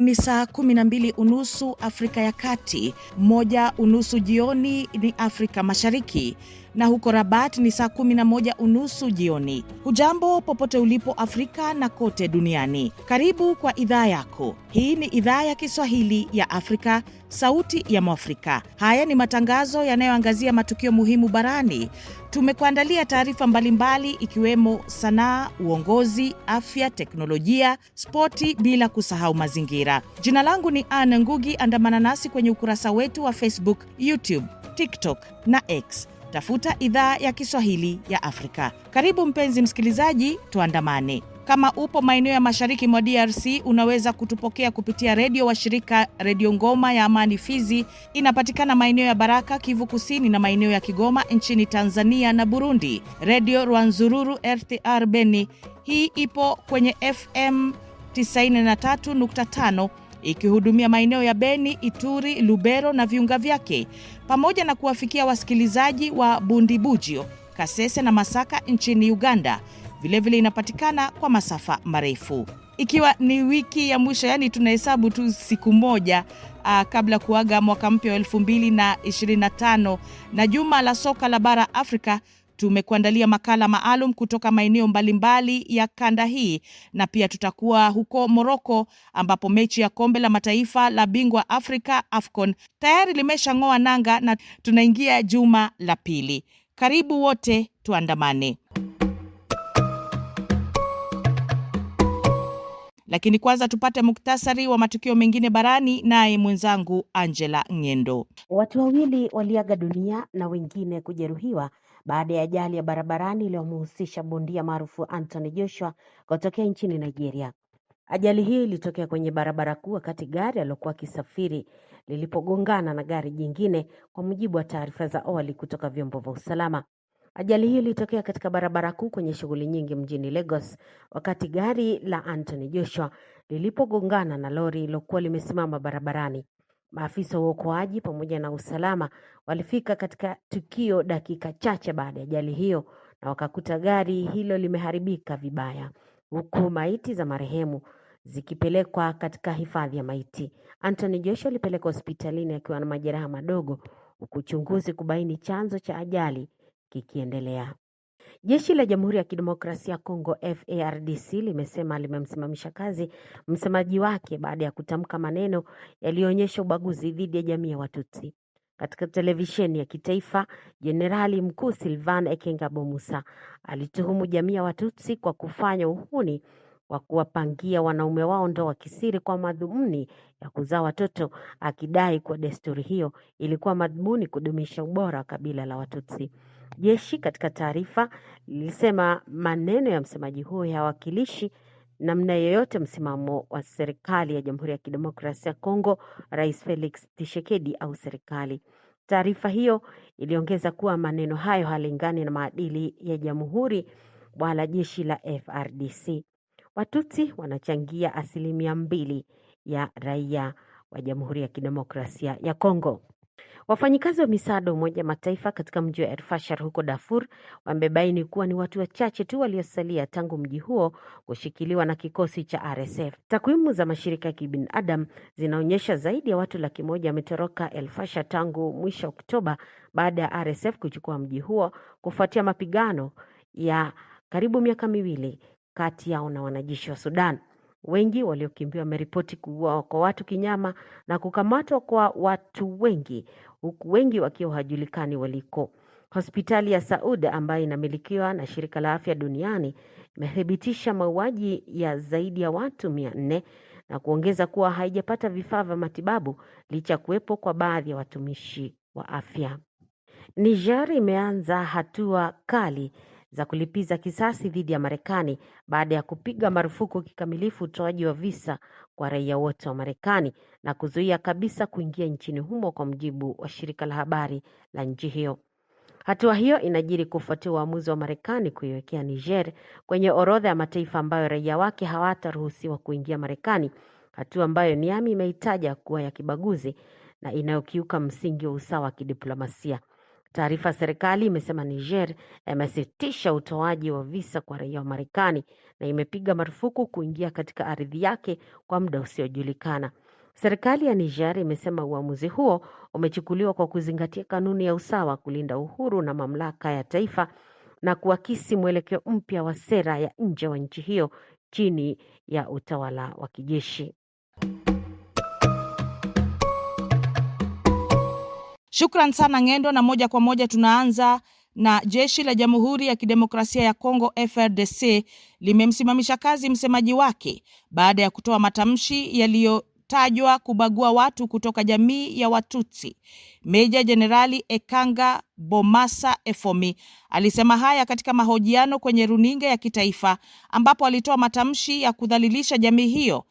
ni saa kumi na mbili unusu Afrika ya Kati, moja unusu jioni ni Afrika Mashariki na huko Rabat ni saa 11 unusu jioni. Hujambo popote ulipo Afrika na kote duniani, karibu kwa idhaa yako. Hii ni idhaa ya Kiswahili ya Afrika, Sauti ya Mwafrika. Haya ni matangazo yanayoangazia matukio muhimu barani. Tumekuandalia taarifa mbalimbali, ikiwemo sanaa, uongozi, afya, teknolojia, spoti, bila kusahau mazingira. Jina langu ni Anne Ngugi. Andamana nasi kwenye ukurasa wetu wa Facebook, YouTube, TikTok na X tafuta idhaa ya Kiswahili ya Afrika. Karibu mpenzi msikilizaji, tuandamane. Kama upo maeneo ya mashariki mwa DRC unaweza kutupokea kupitia redio wa shirika Redio Ngoma ya Amani Fizi, inapatikana maeneo ya Baraka, Kivu Kusini na maeneo ya Kigoma nchini Tanzania na Burundi. Redio Rwanzururu RTR Beni, hii ipo kwenye FM 93.5 ikihudumia maeneo ya Beni, Ituri, Lubero na viunga vyake pamoja na kuwafikia wasikilizaji wa Bundibugyo, Kasese na Masaka nchini Uganda. Vilevile vile inapatikana kwa masafa marefu. Ikiwa ni wiki ya mwisho, yaani tunahesabu tu siku moja uh, kabla kuaga mwaka mpya wa 2025 na juma la soka la bara Afrika Tumekuandalia makala maalum kutoka maeneo mbalimbali ya kanda hii, na pia tutakuwa huko Moroko ambapo mechi ya kombe la mataifa la bingwa Afrika AFCON tayari limeshang'oa nanga na tunaingia juma la pili. Karibu wote tuandamane. Lakini kwanza tupate muktasari wa matukio mengine barani, naye mwenzangu Angela Ng'endo. Watu wawili waliaga dunia na wengine kujeruhiwa baada ya ajali ya barabarani iliyomhusisha bondia maarufu Anthony Joshua kutokea nchini Nigeria. Ajali hii ilitokea kwenye barabara kuu wakati gari aliokuwa akisafiri lilipogongana na gari jingine, kwa mujibu wa taarifa za awali kutoka vyombo vya usalama. Ajali hii ilitokea katika barabara kuu kwenye shughuli nyingi mjini Lagos wakati gari la Anthony Joshua lilipogongana na lori lilokuwa limesimama barabarani. Maafisa wa uokoaji pamoja na usalama walifika katika tukio dakika chache baada ya ajali hiyo na wakakuta gari hilo limeharibika vibaya huku maiti za marehemu zikipelekwa katika hifadhi ya maiti. Anthony Joshua alipelekwa hospitalini akiwa na majeraha madogo huku uchunguzi kubaini chanzo cha ajali kikiendelea. Jeshi la Jamhuri ya Kidemokrasia ya Kongo FARDC limesema limemsimamisha kazi msemaji wake baada ya kutamka maneno yaliyoonyesha ubaguzi dhidi ya jamii ya Watutsi. Katika televisheni ya kitaifa, Jenerali Mkuu Sylvain ekengabo Musa alituhumu jamii ya Watutsi kwa kufanya uhuni wa kuwapangia wanaume wao ndoa kisiri kwa madhumuni ya kuzaa watoto, akidai kuwa desturi hiyo ilikuwa madhumuni kudumisha ubora wa kabila la Watutsi. Jeshi katika taarifa lilisema maneno ya msemaji huyo hayawakilishi namna yoyote msimamo wa serikali ya Jamhuri ya Kidemokrasia ya Kongo, Rais Felix Tshisekedi au serikali. Taarifa hiyo iliongeza kuwa maneno hayo halingani na maadili ya jamhuri wala jeshi la frdc watuti wanachangia asilimia mbili ya raia wa Jamhuri ya Kidemokrasia ya Kongo. Wafanyikazi wa misaada Umoja Mataifa katika mji wa Erfashar huko Darfur wamebaini kuwa ni watu wachache tu waliosalia tangu mji huo kushikiliwa na kikosi cha RSF. Takwimu za mashirika ya kibinadamu zinaonyesha zaidi ya watu laki moja wametoroka elfashar tangu mwisho Oktoba baada ya RSF kuchukua mji huo kufuatia mapigano ya karibu miaka miwili kati yao na wanajeshi wa Sudan. Wengi waliokimbia wameripoti kuuawa kwa watu kinyama na kukamatwa kwa watu wengi huku wengi wakiwa hawajulikani waliko. Hospitali ya Saud ambayo inamilikiwa na shirika la afya duniani imethibitisha mauaji ya zaidi ya watu mia nne na kuongeza kuwa haijapata vifaa vya matibabu licha kuwepo kwa baadhi ya watumishi wa afya. Niger imeanza hatua kali za kulipiza kisasi dhidi ya Marekani baada ya kupiga marufuku kikamilifu utoaji wa visa kwa raia wote wa Marekani na kuzuia kabisa kuingia nchini humo kwa mujibu wa shirika la habari la nchi hiyo. Hatua hiyo inajiri kufuatia uamuzi wa Marekani kuiwekea Niger kwenye orodha ya mataifa ambayo raia wake hawataruhusiwa kuingia Marekani, hatua ambayo Niamey imeitaja kuwa ya kibaguzi na inayokiuka msingi wa usawa wa kidiplomasia. Taarifa ya serikali imesema Niger imesitisha utoaji wa visa kwa raia wa Marekani na imepiga marufuku kuingia katika ardhi yake kwa muda usiojulikana. Serikali ya Niger imesema uamuzi huo umechukuliwa kwa kuzingatia kanuni ya usawa, kulinda uhuru na mamlaka ya taifa na kuakisi mwelekeo mpya wa sera ya nje wa nchi hiyo chini ya utawala wa kijeshi. Shukran sana Ng'endo, na moja kwa moja tunaanza na jeshi la Jamhuri ya Kidemokrasia ya Kongo FRDC limemsimamisha kazi msemaji wake baada ya kutoa matamshi yaliyotajwa kubagua watu kutoka jamii ya Watutsi. Meja Jenerali Ekanga Bomasa Efomi alisema haya katika mahojiano kwenye runinga ya kitaifa ambapo alitoa matamshi ya kudhalilisha jamii hiyo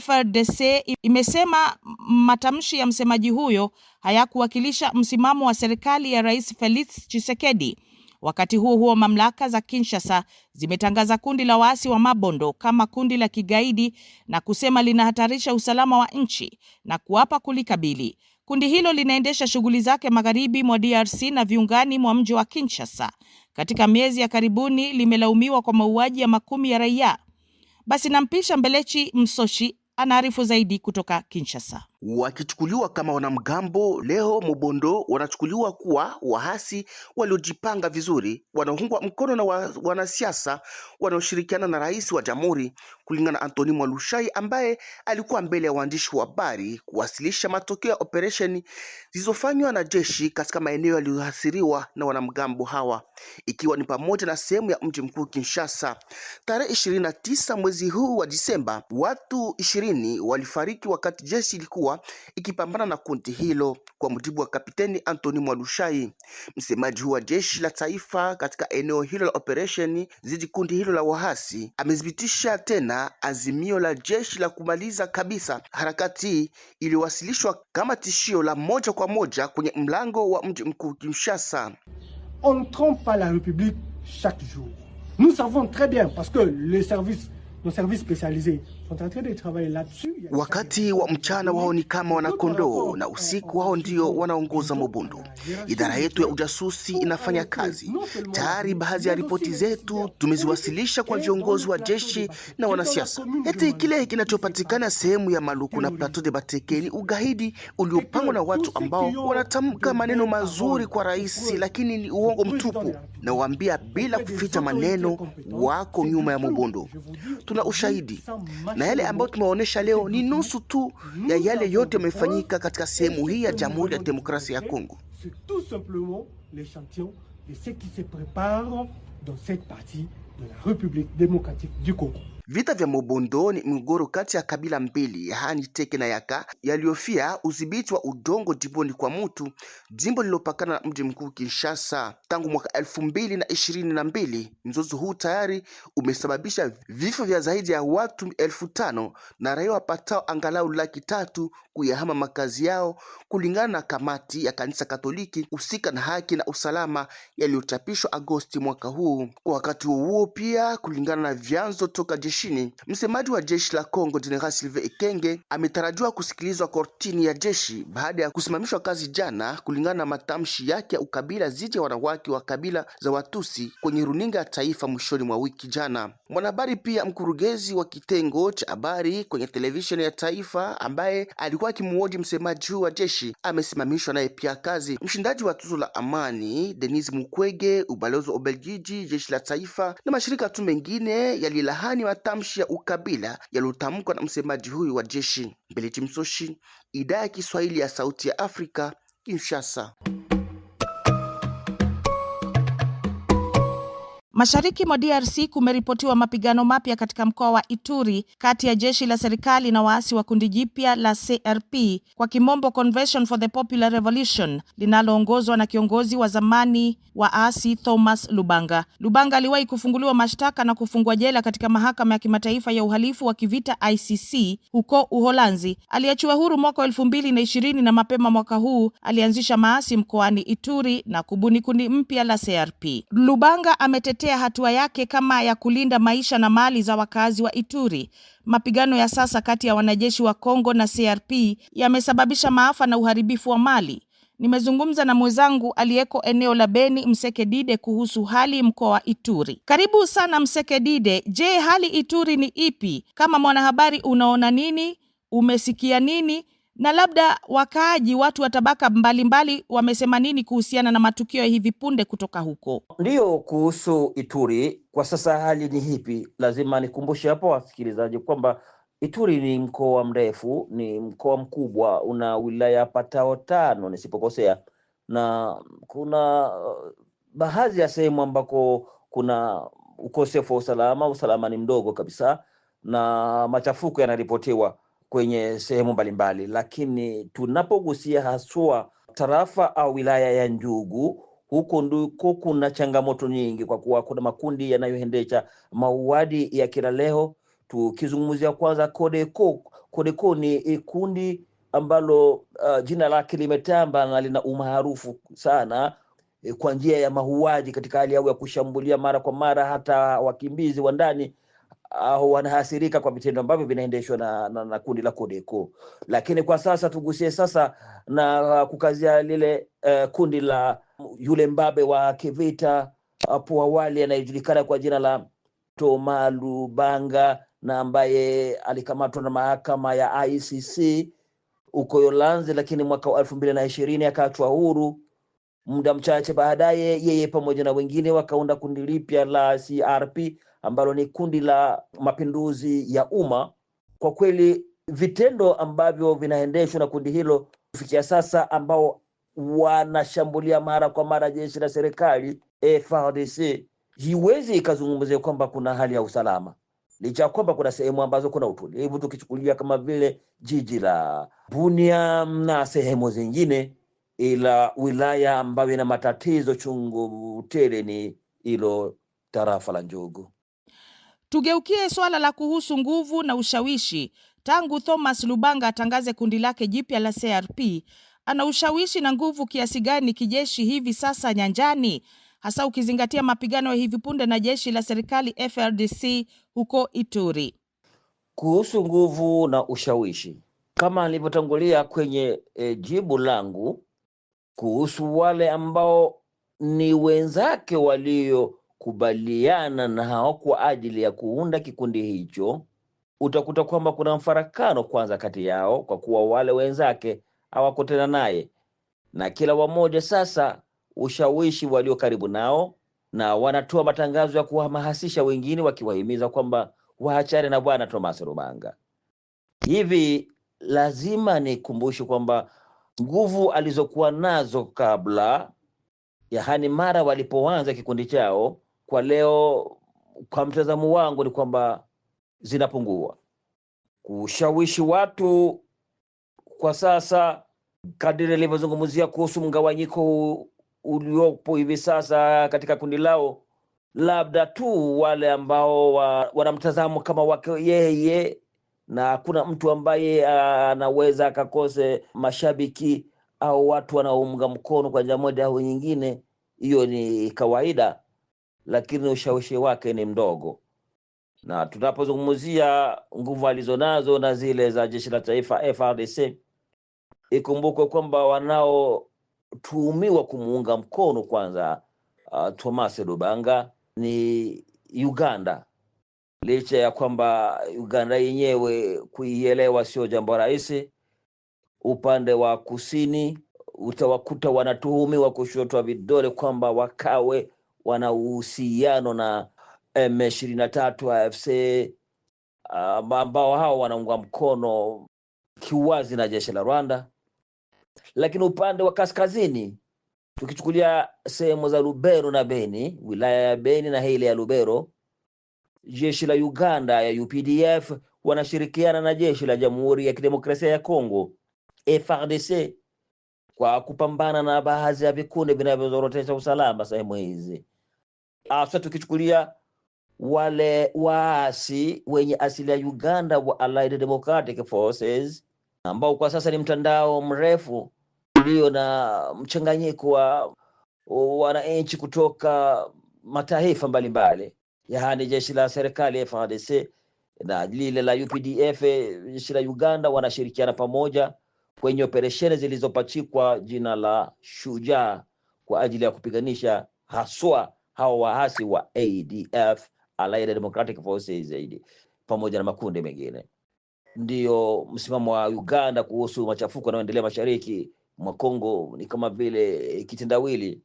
FRDC imesema matamshi ya msemaji huyo hayakuwakilisha msimamo wa serikali ya Rais Felix Tshisekedi. Wakati huo huo, mamlaka za Kinshasa zimetangaza kundi la waasi wa Mabondo kama kundi la kigaidi na kusema linahatarisha usalama wa nchi na kuapa kulikabili. Kundi hilo linaendesha shughuli zake magharibi mwa DRC na viungani mwa mji wa Kinshasa. Katika miezi ya karibuni limelaumiwa kwa mauaji ya makumi ya raia basi nampisha Mbelechi Msoshi anaarifu zaidi kutoka Kinshasa wakichukuliwa kama wanamgambo. Leo Mobondo wanachukuliwa kuwa waasi waliojipanga vizuri, wanaungwa mkono na wa, wanasiasa wanaoshirikiana na rais wa jamhuri, kulingana na Antoni Mwalushai ambaye alikuwa mbele ya waandishi wa habari kuwasilisha matokeo ya operesheni zilizofanywa na jeshi katika maeneo yaliyoathiriwa na wanamgambo hawa, ikiwa ni pamoja na sehemu ya mji mkuu Kinshasa. Tarehe ishirini na tisa mwezi huu wa Disemba, watu ishirini walifariki wakati jeshi ilikuwa ikipambana na kundi hilo, kwa mujibu wa Kapiteni Anthony Mwalushai, msemaji wa jeshi la taifa katika eneo hilo la operesheni zidi kundi hilo la wahasi. Amethibitisha tena azimio la jeshi la kumaliza kabisa harakati iliyowasilishwa kama tishio la moja kwa moja kwenye mlango wa mji mkuu Kinshasa. On trompe pas la République chaque jour. Nous savons très bien parce que le service Wakati wa mchana wao ni kama wanakondoo na usiku wao ndio wanaongoza Mobundo. Idara yetu ya ujasusi inafanya kazi tayari. Baadhi ya ripoti zetu tumeziwasilisha kwa viongozi wa jeshi na wanasiasa. Eti kile kinachopatikana sehemu ya Maluku na Plateau de Bateke ni ugaidi uliopangwa na watu ambao wanatamka maneno mazuri kwa rais, lakini ni uongo mtupu. Nawaambia bila kuficha maneno, wako nyuma ya Mobundo. C'est tout simplement l'échantillon De ce qui se prépare dans cette partie de la République démocratique du Congo. Vita vya Mobondo ni mgogoro kati ya kabila mbili yaani Teke na Yaka yaliyofia udhibiti wa udongo jimboni kwa Mutu, jimbo lililopakana na mji mkuu Kinshasa tangu mwaka elfu mbili na ishirini na mbili. Mzozo huu tayari umesababisha vifo vya zaidi ya watu elfu tano na raia wapatao angalau laki tatu kuyahama makazi yao, kulingana na kamati ya kanisa Katoliki husika na haki na usalama yaliyochapishwa Agosti mwaka huu. Kwa wakati huo pia, kulingana na vyanzo toka jeshi jeshini. Msemaji wa jeshi la Kongo General Sylvain Ekenge ametarajiwa kusikilizwa kortini ya jeshi baada ya kusimamishwa kazi jana, kulingana na matamshi yake ya ukabila dhidi ya wanawake wa kabila za Watusi kwenye runinga ya taifa mwishoni mwa wiki jana. Mwanahabari pia mkurugenzi wa kitengo cha habari kwenye televisheni ya taifa ambaye alikuwa akimhoji msemaji huyu wa jeshi amesimamishwa naye pia kazi. Mshindaji wa tuzo la amani Denis Mukwege, ubalozi wa Ubelgiji, jeshi la taifa na mashirika tu mengine yalilahani matamshi ya ukabila yaliyotamkwa na msemaji huyu wa jeshi. Mbeleti Msoshi, idhaa ya Kiswahili ya Sauti ya Afrika, Kinshasa. Mashariki mwa DRC kumeripotiwa mapigano mapya katika mkoa wa Ituri kati ya jeshi la serikali na waasi wa kundi jipya la CRP kwa kimombo Convention for the Popular Revolution linaloongozwa na kiongozi wa zamani wa asi Thomas Lubanga. Lubanga aliwahi kufunguliwa mashtaka na kufungwa jela katika mahakama ya kimataifa ya uhalifu wa kivita ICC huko Uholanzi. Aliachiwa huru mwaka elfu mbili na ishirini na mapema mwaka huu alianzisha maasi mkoani Ituri na kubuni kundi mpya la CRP. Lubanga ametetea kutetea hatua yake kama ya kulinda maisha na mali za wakazi wa Ituri. Mapigano ya sasa kati ya wanajeshi wa Kongo na CRP yamesababisha maafa na uharibifu wa mali. Nimezungumza na mwenzangu aliyeko eneo la Beni, Mseke Dide, kuhusu hali mkoa wa Ituri. Karibu sana Mseke Dide. Je, hali Ituri ni ipi? Kama mwanahabari unaona nini? Umesikia nini? na labda wakaaji, watu wa tabaka mbalimbali wamesema nini kuhusiana na matukio ya hivi punde kutoka huko? Ndiyo, kuhusu Ituri kwa sasa hali ni hipi? Lazima nikumbushe hapo wasikilizaji kwamba Ituri ni mkoa mrefu, ni mkoa mkubwa, una wilaya patao tano nisipokosea, na kuna uh, baadhi ya sehemu ambako kuna ukosefu wa usalama, usalama ni mdogo kabisa na machafuko yanaripotiwa kwenye sehemu mbalimbali, lakini tunapogusia haswa tarafa au wilaya ya Njugu, huko ndiko kuna changamoto nyingi, kwa kuwa kuna makundi yanayoendesha mauaji ya kila leo. Tukizungumzia kwanza kodeko kodeko ni kundi ambalo uh, jina lake limetamba na lina umaarufu sana eh, kwa njia ya mauaji katika hali yao ya kushambulia mara kwa mara hata wakimbizi wa ndani au wanahasirika kwa vitendo ambavyo vinaendeshwa na, na, na kundi la Codeco. Lakini kwa sasa tugusie sasa na kukazia lile uh, kundi la yule mbabe wa kivita hapo awali anayejulikana kwa jina la Toma Lubanga na ambaye alikamatwa na mahakama ya ICC huko Yolanzi, lakini mwaka wa elfu mbili na ishirini akaachwa huru. Muda mchache baadaye, yeye pamoja na wengine wakaunda kundi lipya la CRP ambalo ni kundi la mapinduzi ya umma. Kwa kweli vitendo ambavyo vinaendeshwa na kundi hilo kufikia sasa, ambao wanashambulia mara kwa mara jeshi la serikali e, FARDC, hiwezi ikazungumzia kwamba kuna hali ya usalama, licha ya kwamba kuna sehemu ambazo kuna utulivu, tukichukulia kama vile jiji la Bunia na sehemu zingine, ila wilaya ambayo ina matatizo chungu tele ni ilo tarafa la Njugu. Tugeukie swala la kuhusu nguvu na ushawishi. Tangu Thomas Lubanga atangaze kundi lake jipya la CRP, ana ushawishi na nguvu kiasi gani kijeshi hivi sasa nyanjani, hasa ukizingatia mapigano ya hivi punde na jeshi la serikali FRDC huko Ituri? Kuhusu nguvu na ushawishi, kama alivyotangulia kwenye e, jibu langu kuhusu wale ambao ni wenzake walio kubaliana na kwa ajili ya kuunda kikundi hicho, utakuta kwamba kuna mfarakano kwanza kati yao, kwa kuwa wale wenzake hawako tena naye, na kila wamoja sasa ushawishi walio karibu nao, na wanatoa matangazo ya kuhamasisha wengine, wakiwahimiza kwamba waachane na Bwana Thomas Rumanga. Hivi lazima nikumbushe kwamba nguvu alizokuwa nazo kabla, yaani mara walipoanza kikundi chao, kwa leo, kwa mtazamo wangu ni kwamba zinapungua. Kushawishi watu kwa sasa, kadiri alivyozungumzia kuhusu mgawanyiko uliopo hivi sasa katika kundi lao, labda tu wale ambao wa, wanamtazamo kama wake yeye, na hakuna mtu ambaye anaweza akakose mashabiki au watu wanaounga mkono kwa njia moja au nyingine. Hiyo ni kawaida, lakini ushawishi wake ni mdogo, na tunapozungumzia nguvu alizonazo na zile za jeshi la taifa frdc ikumbukwe kwamba wanaotuhumiwa kumuunga mkono kwanza uh, Thomas Lubanga ni Uganda, licha ya kwamba Uganda yenyewe kuielewa sio jambo rahisi. Upande wa kusini utawakuta wanatuhumiwa kushotwa vidole kwamba wakawe wana uhusiano na eh, M 23 na tatu AFC um, ambao hao wanaunga mkono kiuwazi na jeshi la Rwanda. Lakini upande wa kaskazini tukichukulia sehemu za Lubero na Beni, wilaya ya Beni na ile ya Lubero, jeshi la Uganda ya UPDF wanashirikiana na jeshi la Jamhuri ya Kidemokrasia ya Kongo frdc kwa kupambana na baadhi ya vikundi vinavyozorotesha usalama sehemu hizi hasa ah, tukichukulia wale waasi wenye asili ya Uganda wa Allied Democratic Forces ambao kwa sasa ni mtandao mrefu ulio na mchanganyiko wa wananchi kutoka mataifa mbalimbali, yaani jeshi la serikali FARDC na lile la UPDF jeshi la Uganda wanashirikiana pamoja kwenye operesheni zilizopachikwa jina la Shujaa kwa ajili ya kupiganisha haswa hawa waasi wa ADF, Allied Democratic Forces AD, pamoja na makundi mengine. Ndiyo msimamo wa Uganda kuhusu machafuko yanayoendelea mashariki mwa Kongo ni kama vile kitendawili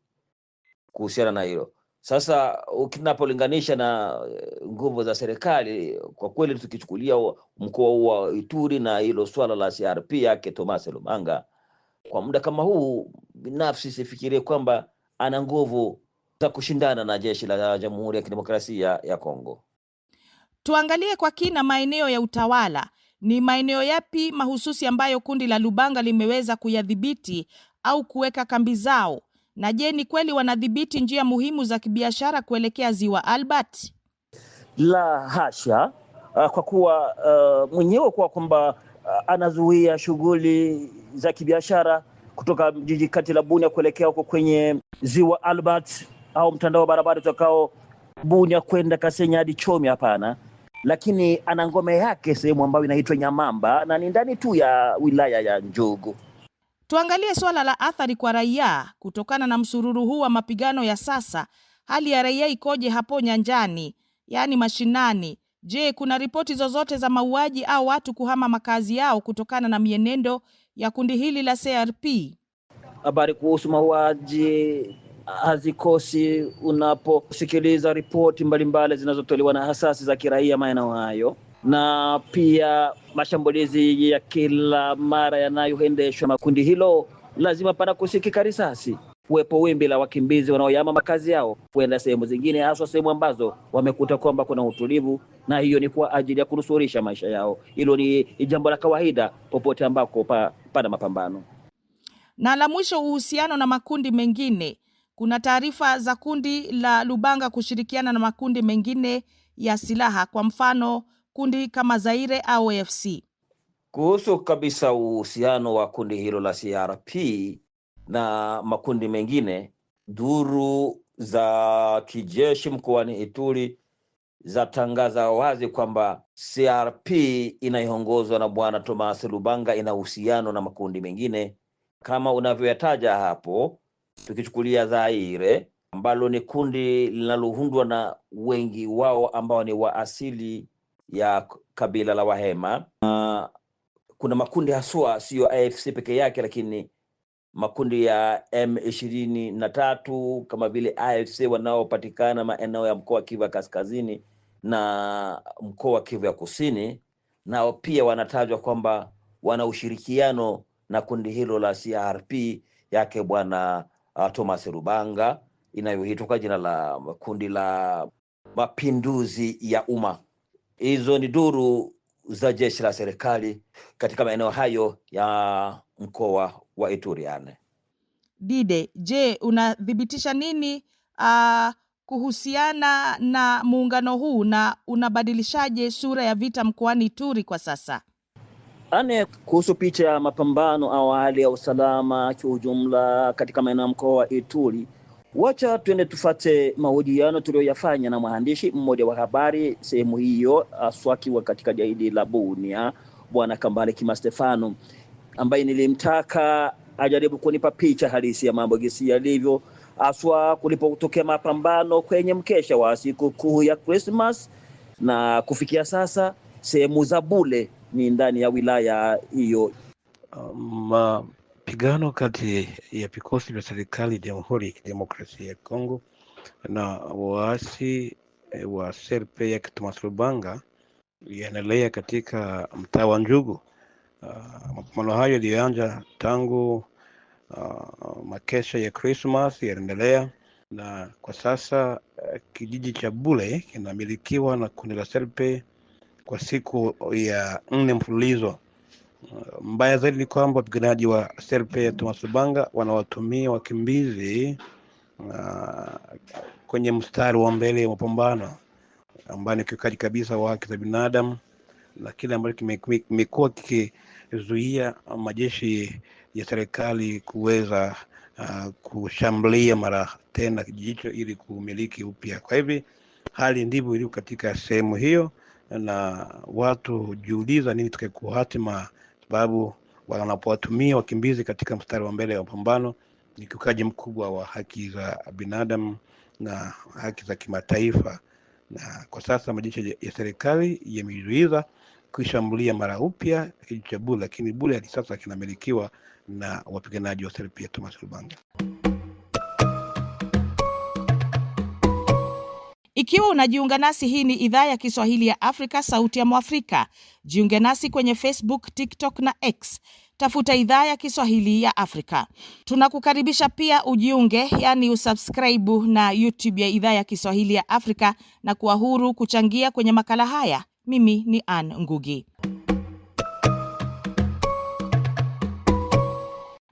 kuhusiana na hilo. Sasa ukinapolinganisha na eh, nguvu za serikali, kwa kweli tukichukulia mkoa wa Ituri na hilo swala la CRP yake Thomas Lumanga, kwa muda kama huu, binafsi sifikirie kwamba ana nguvu za kushindana na jeshi la Jamhuri ya Kidemokrasia ya Kongo. Tuangalie kwa kina maeneo ya utawala. Ni maeneo yapi mahususi ambayo kundi la Lubanga limeweza kuyadhibiti au kuweka kambi zao? Na je, ni kweli wanadhibiti njia muhimu za kibiashara kuelekea Ziwa Albert? La hasha, ah, kwa kuwa uh, mwenyewe kwa kwamba uh, anazuia shughuli za kibiashara kutoka jiji kati la Bunia kuelekea huko kwenye Ziwa Albert au mtandao wa barabara utakao Bunya kwenda kasenya hadi Chomi, hapana. Lakini ana ngome yake sehemu ambayo inaitwa Nyamamba na ni ndani tu ya wilaya ya Njugu. Tuangalie suala la athari kwa raia kutokana na msururu huu wa mapigano ya sasa. Hali ya raia ikoje hapo nyanjani, yaani mashinani? Je, kuna ripoti zozote za mauaji au watu kuhama makazi yao kutokana na mienendo ya kundi hili la CRP? Habari kuhusu mauaji hazikosi unaposikiliza ripoti mbalimbali zinazotolewa na hasasi za kiraia maeneo hayo na pia mashambulizi ya kila mara yanayoendeshwa na kundi hilo, lazima pana kusikika risasi, kuwepo wimbi la wakimbizi wanaoyama makazi yao kuenda sehemu zingine, haswa sehemu ambazo wamekuta kwamba kuna utulivu, na hiyo ni kwa ajili ya kunusurisha maisha yao. Hilo ni jambo la kawaida popote ambako pa, pana mapambano. Na la mwisho, uhusiano na makundi mengine kuna taarifa za kundi la Lubanga kushirikiana na makundi mengine ya silaha, kwa mfano kundi kama Zaire au AFC. Kuhusu kabisa uhusiano wa kundi hilo la CRP na makundi mengine, duru za kijeshi mkoani Ituri zatangaza wazi kwamba CRP inayoongozwa na Bwana Thomas Lubanga ina uhusiano na makundi mengine kama unavyoyataja hapo tukichukulia Dhaire ambalo ni kundi linaloundwa na wengi wao ambao ni wa asili ya kabila la Wahema. Uh, kuna makundi haswa siyo AFC peke yake, lakini makundi ya M 23 na tatu kama vile AFC wanaopatikana maeneo ya mkoa wa Kivu ya kaskazini na mkoa wa Kivu ya kusini, nao pia wanatajwa kwamba wana ushirikiano na kundi hilo la CRP yake bwana uh, Thomas Rubanga inayoitwa kwa jina la kundi la mapinduzi ya umma. Hizo ni duru za jeshi la serikali katika maeneo hayo ya mkoa wa Ituriane. Dide, je, unathibitisha nini uh, kuhusiana na muungano huu na unabadilishaje sura ya vita mkoani Ituri kwa sasa? Ane, kuhusu picha ya mapambano au hali ya usalama kiujumla katika maeneo ya mkoa wa Ituri, wacha tuende tufate mahojiano tuliyoyafanya na mwandishi mmoja wa habari sehemu hiyo, haswa akiwa katika jaidi la Bunia, Bwana Kambale Kima Stefano, ambaye nilimtaka ajaribu kunipa picha halisi ya mambo gisi yalivyo, haswa kulipotokea mapambano kwenye mkesha wa sikukuu ya Christmas na kufikia sasa sehemu za Bule ni ndani ya wilaya hiyo. Mapigano um, kati ya vikosi vya serikali ya Jamhuri ya Kidemokrasia ya Kongo na waasi eh, wa serpe ya Thomas Lubanga yanaendelea katika mtaa wa Njugu. Uh, mapambano hayo yaliyoanza tangu uh, makesha ya Christmas yanaendelea na kwa sasa uh, kijiji cha Bule kinamilikiwa na kundi la serpe kwa siku ya nne mfululizo. Mbaya zaidi ni kwamba wapiganaji wa Serpe ya wanawatumia wakimbizi uh, kwenye mstari wa mbele wa mapambano ambayo ni ukiukaji kabisa wa haki za binadamu na kile ambacho kimekuwa kikizuia majeshi ya serikali kuweza uh, kushambulia mara tena kijiji hicho ili kumiliki upya. Kwa hivi hali ndivyo ilivyo katika sehemu hiyo na watu hujiuliza nini itakayokuwa hatima, sababu wanapowatumia wakimbizi katika mstari wa mbele ya mapambano ni kiukaji mkubwa wa haki za binadamu na haki za kimataifa. Na kwa sasa majeshi ya serikali yamezuiza kuishambulia mara upya kijiji cha bule lakini bule hadi sasa kinamilikiwa na wapiganaji wa serpia Thomas Lubanga. Ikiwa unajiunga nasi, hii ni idhaa ya Kiswahili ya Afrika, sauti ya Mwafrika. Jiunge nasi kwenye Facebook, TikTok na X, tafuta idhaa ya Kiswahili ya Afrika. Tunakukaribisha pia ujiunge, yaani usubscribe na YouTube ya idhaa ya Kiswahili ya Afrika na kuwa huru kuchangia kwenye makala haya. Mimi ni Ann Ngugi.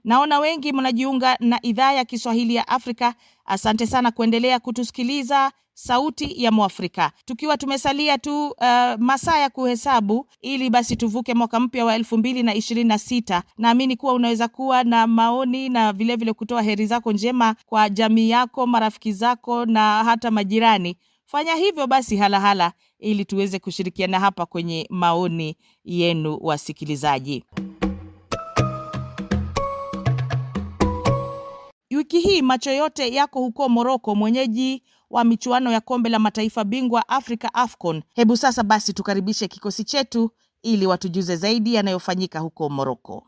Naona wengi mnajiunga na idhaa ya Kiswahili ya Afrika. Asante sana kuendelea kutusikiliza sauti ya Mwafrika. Tukiwa tumesalia tu uh, masaa ya kuhesabu ili basi tuvuke mwaka mpya wa elfu mbili na ishirini na sita. Naamini kuwa unaweza kuwa na maoni na vilevile vile kutoa heri zako njema kwa jamii yako, marafiki zako na hata majirani. Fanya hivyo basi halahala hala, ili tuweze kushirikiana hapa kwenye maoni yenu wasikilizaji. Wiki hii macho yote yako huko Moroko, mwenyeji wa michuano ya kombe la mataifa bingwa Afrika AFCON. Hebu sasa basi tukaribishe kikosi chetu ili watujuze zaidi yanayofanyika huko Moroko.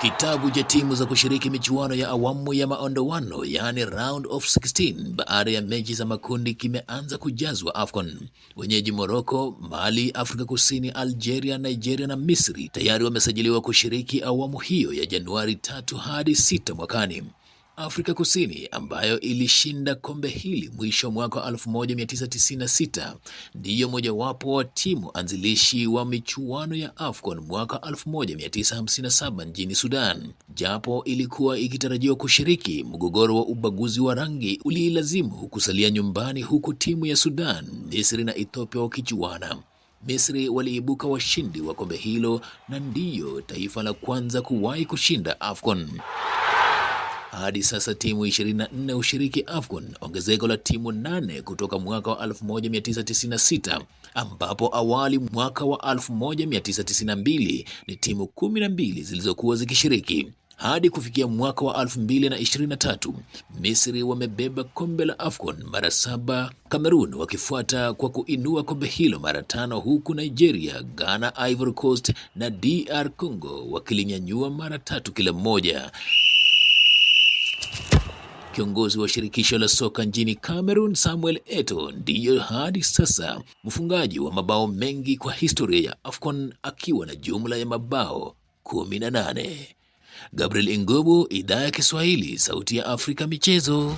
Kitabu cha timu za kushiriki michuano ya awamu ya maondowano yaani round of 16 baada ya mechi za makundi kimeanza kujazwa AFCON. Wenyeji moroko Mali, Afrika Kusini, Algeria, Nigeria na Misri tayari wamesajiliwa kushiriki awamu hiyo ya Januari tatu hadi sita mwakani. Afrika Kusini ambayo ilishinda kombe hili mwisho mwaka 1996 ndiyo mojawapo wa timu anzilishi wa michuano ya AFCON mwaka 1957 nchini Sudan. Japo ilikuwa ikitarajiwa kushiriki, mgogoro wa ubaguzi wa rangi uliilazimu kusalia nyumbani, huku timu ya Sudan, Misri na Ethiopia wakichuana. Misri waliibuka washindi wa kombe hilo na ndiyo taifa la kwanza kuwahi kushinda AFCON. Hadi sasa timu 24 hushiriki AFCON, ongezeko la timu nane kutoka mwaka wa 1996 ambapo awali mwaka wa 1992 ni timu 12 zilizokuwa zikishiriki. Hadi kufikia mwaka wa 2023 Misri wamebeba kombe la AFCON mara saba, Cameroon wakifuata kwa kuinua kombe hilo mara tano, huku Nigeria, Ghana, Ivory Coast na DR Congo wakilinyanyua mara tatu kila mmoja. Kiongozi wa shirikisho la soka nchini Cameroon, Samuel Eto'o ndiyo hadi sasa mfungaji wa mabao mengi kwa historia ya AFCON akiwa na jumla ya mabao 18. Gabriel Ingobo, Idhaa ya Kiswahili, Sauti ya Afrika, Michezo.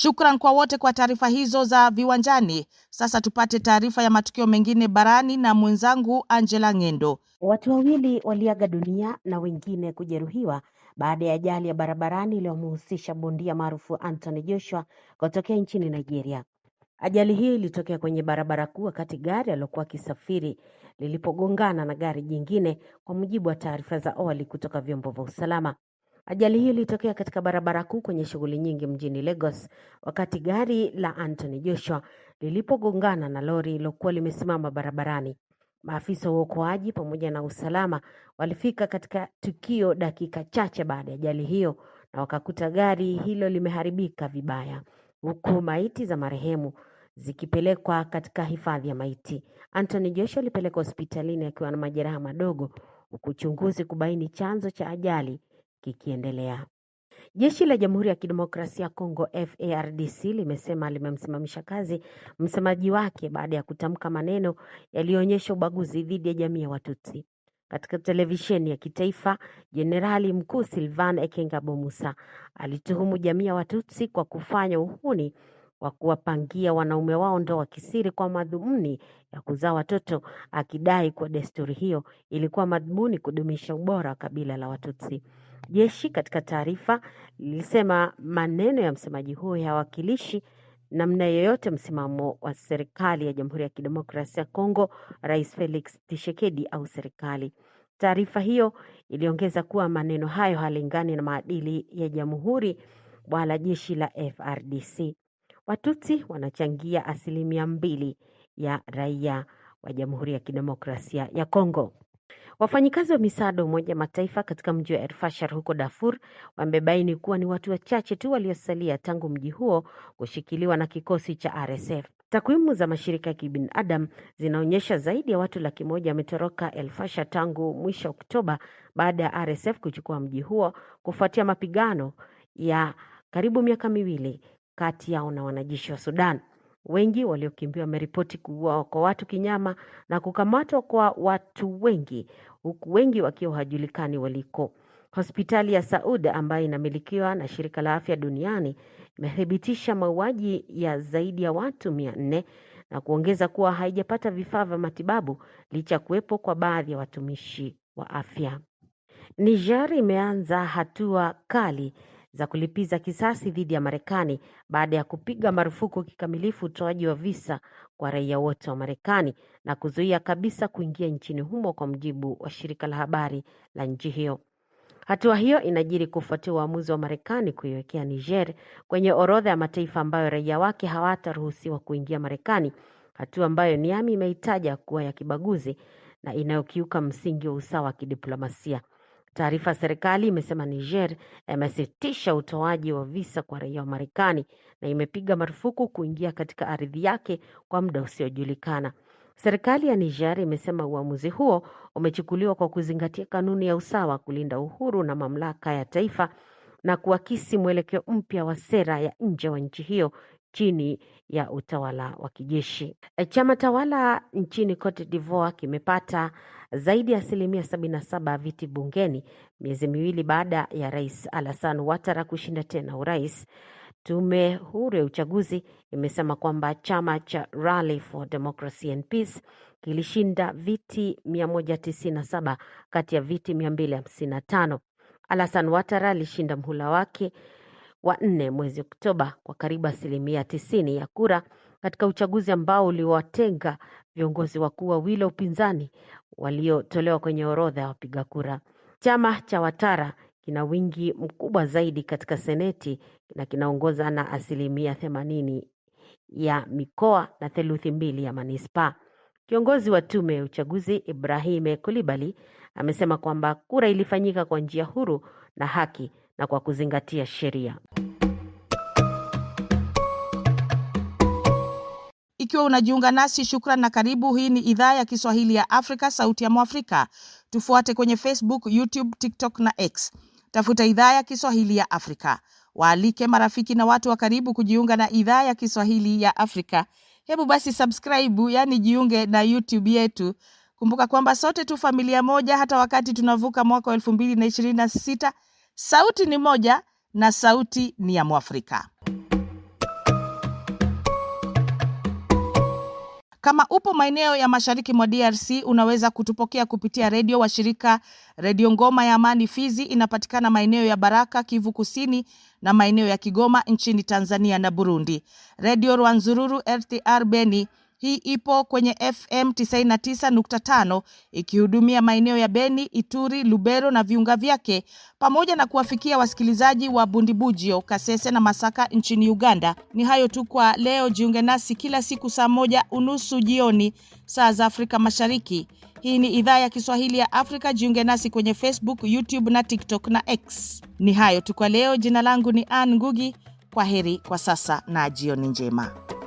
Shukran kwa wote kwa taarifa hizo za viwanjani. Sasa tupate taarifa ya matukio mengine barani na mwenzangu Angela Ng'endo. Watu wawili waliaga dunia na wengine kujeruhiwa baada ya ajali ya barabarani iliyomhusisha bondia maarufu Anthony Joshua kutokea nchini Nigeria. Ajali hiyo ilitokea kwenye barabara kuu wakati gari aliokuwa akisafiri lilipogongana na gari jingine, kwa mujibu wa taarifa za awali kutoka vyombo vya usalama. Ajali hiyo ilitokea katika barabara kuu kwenye shughuli nyingi mjini Lagos wakati gari la Anthony Joshua lilipogongana na lori lilokuwa limesimama barabarani. Maafisa wa uokoaji pamoja na usalama walifika katika tukio dakika chache baada ya ajali hiyo na wakakuta gari hilo limeharibika vibaya huku maiti za marehemu zikipelekwa katika hifadhi ya maiti. Anthony Joshua alipelekwa hospitalini akiwa na majeraha madogo huku uchunguzi kubaini chanzo cha ajali kikiendelea. Jeshi la Jamhuri ya Kidemokrasia ya Kongo FARDC limesema limemsimamisha kazi msemaji wake baada ya kutamka maneno yaliyoonyesha ubaguzi dhidi ya jamii ya Watutsi. Katika televisheni ya kitaifa, Jenerali Mkuu Sylvain Ekengabo Musa alituhumu jamii ya Watutsi kwa kufanya uhuni wa kuwapangia wanaume wao ndoa kisiri kwa madhumuni ya kuzaa watoto, akidai kuwa desturi hiyo ilikuwa madhumuni kudumisha ubora wa kabila la Watutsi. Jeshi katika taarifa lilisema maneno ya msemaji huyo hayawakilishi namna yoyote msimamo wa serikali ya Jamhuri ya Kidemokrasia ya Kongo, Rais Felix Tshisekedi au serikali. Taarifa hiyo iliongeza kuwa maneno hayo halingani na maadili ya jamhuri wala jeshi la FRDC. Watutsi wanachangia asilimia mbili ya raia wa Jamhuri ya Kidemokrasia ya Kongo. Wafanyikazi wa misaada umoja mataifa katika mji wa Erfashar huko Darfur wamebaini kuwa ni watu wachache tu waliosalia tangu mji huo kushikiliwa na kikosi cha RSF. Takwimu za mashirika ya kibinadamu zinaonyesha zaidi ya watu laki moja wametoroka Elfasha tangu mwisho Oktoba baada ya RSF kuchukua mji huo kufuatia mapigano ya karibu miaka miwili kati yao na wanajeshi wa Sudan. Wengi waliokimbia wameripoti kuuawa kwa watu kinyama na kukamatwa kwa watu wengi, huku wengi wakiwa hawajulikani waliko. Hospitali ya saud ambayo inamilikiwa na shirika la afya duniani imethibitisha mauaji ya zaidi ya watu mia nne na kuongeza kuwa haijapata vifaa vya matibabu licha ya kuwepo kwa baadhi ya watumishi wa afya. Niger imeanza hatua kali za kulipiza kisasi dhidi ya Marekani baada ya kupiga marufuku kikamilifu utoaji wa visa kwa raia wote wa Marekani na kuzuia kabisa kuingia nchini humo kwa mujibu wa shirika la habari la nchi hiyo. Hatua hiyo inajiri kufuatia uamuzi wa Marekani kuiwekea Niger kwenye orodha ya mataifa ambayo raia wake hawataruhusiwa kuingia Marekani, hatua ambayo niami imeitaja kuwa ya kibaguzi na inayokiuka msingi wa usawa wa kidiplomasia. Taarifa ya serikali imesema Niger imesitisha utoaji wa visa kwa raia wa Marekani na imepiga marufuku kuingia katika ardhi yake kwa muda usiojulikana. Serikali ya Niger imesema uamuzi huo umechukuliwa kwa kuzingatia kanuni ya usawa, kulinda uhuru na mamlaka ya taifa na kuakisi mwelekeo mpya wa sera ya nje wa nchi hiyo chini ya utawala wa kijeshi. E, chama tawala nchini Cote d'Ivoire kimepata zaidi ya asilimia sabini na saba viti bungeni miezi miwili baada ya Rais Alassane Ouattara kushinda tena urais. Tume huru ya uchaguzi imesema kwamba chama cha Rally for Democracy and Peace kilishinda viti 197 kati ya viti 255. Alasan Watara alishinda mhula wake wa nne mwezi Oktoba kwa karibu asilimia tisini ya kura katika uchaguzi ambao uliwatenga viongozi wakuu wawili wa upinzani waliotolewa kwenye orodha ya wapiga kura. Chama cha Watara kina wingi mkubwa zaidi katika Seneti na kinaongoza na asilimia themanini ya mikoa na theluthi mbili ya manispaa. Kiongozi wa tume ya uchaguzi Ibrahime Kulibali amesema kwamba kura ilifanyika kwa njia huru na haki na kwa kuzingatia sheria. Ikiwa unajiunga nasi, shukran na karibu. Hii ni idhaa ya Kiswahili ya Afrika, sauti ya Mwafrika. Tufuate kwenye Facebook, YouTube, TikTok na X. Tafuta idhaa ya Kiswahili ya Afrika. Waalike marafiki na watu wa karibu kujiunga na idhaa ya Kiswahili ya Afrika. Hebu basi subscribe, yaani jiunge na YouTube yetu. Kumbuka kwamba sote tu familia moja, hata wakati tunavuka mwaka wa elfu mbili na ishirini na sita Sauti ni moja na sauti ni ya Mwafrika. Kama upo maeneo ya mashariki mwa DRC unaweza kutupokea kupitia redio wa shirika Redio Ngoma ya Amani Fizi, inapatikana maeneo ya Baraka, Kivu Kusini na maeneo ya Kigoma nchini Tanzania na Burundi. Redio Rwanzururu RTR Beni hii ipo kwenye FM 99.5 ikihudumia maeneo ya Beni, Ituri, Lubero na viunga vyake pamoja na kuwafikia wasikilizaji wa Bundibujio, Kasese na Masaka nchini Uganda. Ni hayo tu kwa leo. Jiunge nasi kila siku saa moja unusu jioni saa za Afrika Mashariki. Hii ni idhaa ya Kiswahili ya Afrika. Jiunge nasi kwenye Facebook, YouTube na TikTok na X. Ni hayo tu kwa leo. Jina langu ni Ann Ngugi. Kwa heri kwa sasa na jioni njema.